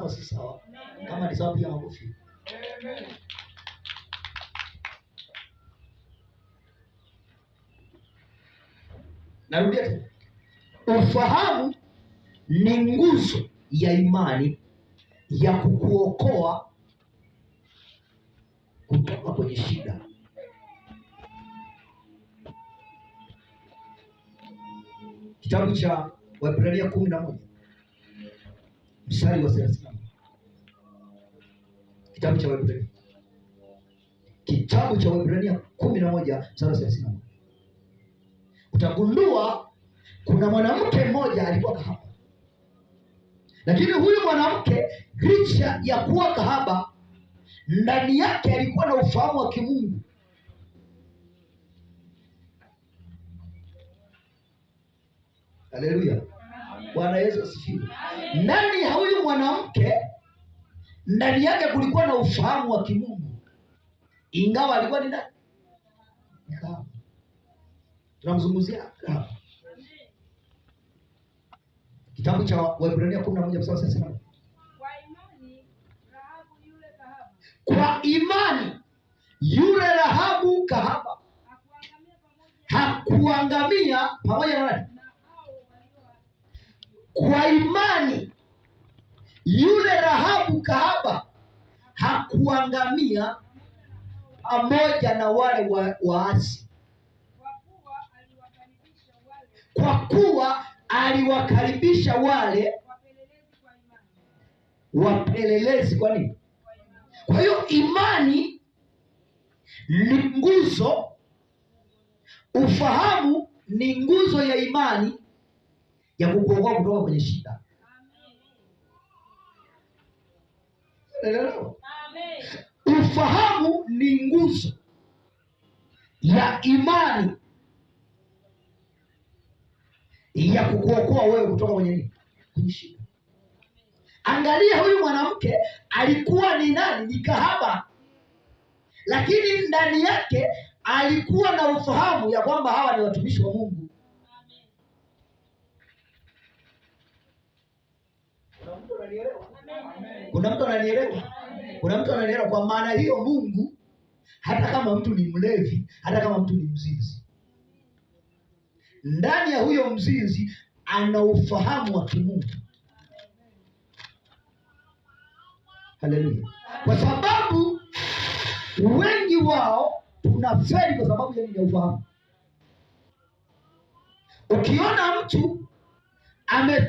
sawa, si sawa? Kama ni sawa, pia makofi. Narudia tena, ufahamu ni nguzo ya imani ya kukuokoa kutoka kwenye shida. Kitabu cha Waebrania kumi na moja mstari wa 30. Kitabu cha Waebrania. Kitabu cha Waebrania moja mstari wa 30. Utagundua kuna mwanamke mmoja alikuwa kahaba, lakini huyu mwanamke licha ya kuwa kahaba, ndani yake alikuwa na ufahamu wa kimungu. Haleluya! Bwana Yesu asifiwe. Ndani ya huyu mwanamke ndani yake kulikuwa na ufahamu wa kimungu, ingawa alikuwa ni nani? Tunamzungumzia kitabu cha Waebrania 11 kwa imani yule Rahabu kahaba hakuangamia pamoja na nani? Kwa imani yule Rahabu kahaba hakuangamia pamoja na wale wa, waasi, kwa kuwa aliwakaribisha wale wapelelezi. Kwa nini? Kwa hiyo imani ni nguzo, ufahamu ni nguzo ya imani ya kukuokoa kutoka kwenye shida. Ufahamu ni nguzo ya imani ya kukuokoa wewe kutoka kwenye Kwenye shida. Angalia, huyu mwanamke alikuwa ni nani? Ni kahaba, lakini ndani yake alikuwa na ufahamu ya kwamba hawa ni watumishi wa Mungu. Kuna mtu ananielewa? Kuna mtu ananielewa? Kwa maana hiyo, Mungu hata kama mtu ni mlevi, hata kama mtu ni mzinzi, ndani ya huyo mzinzi ana ufahamu wa kimungu. Haleluya! Kwa sababu wengi wao tuna feri kwa sababu ya ufahamu. Ukiona mtu ame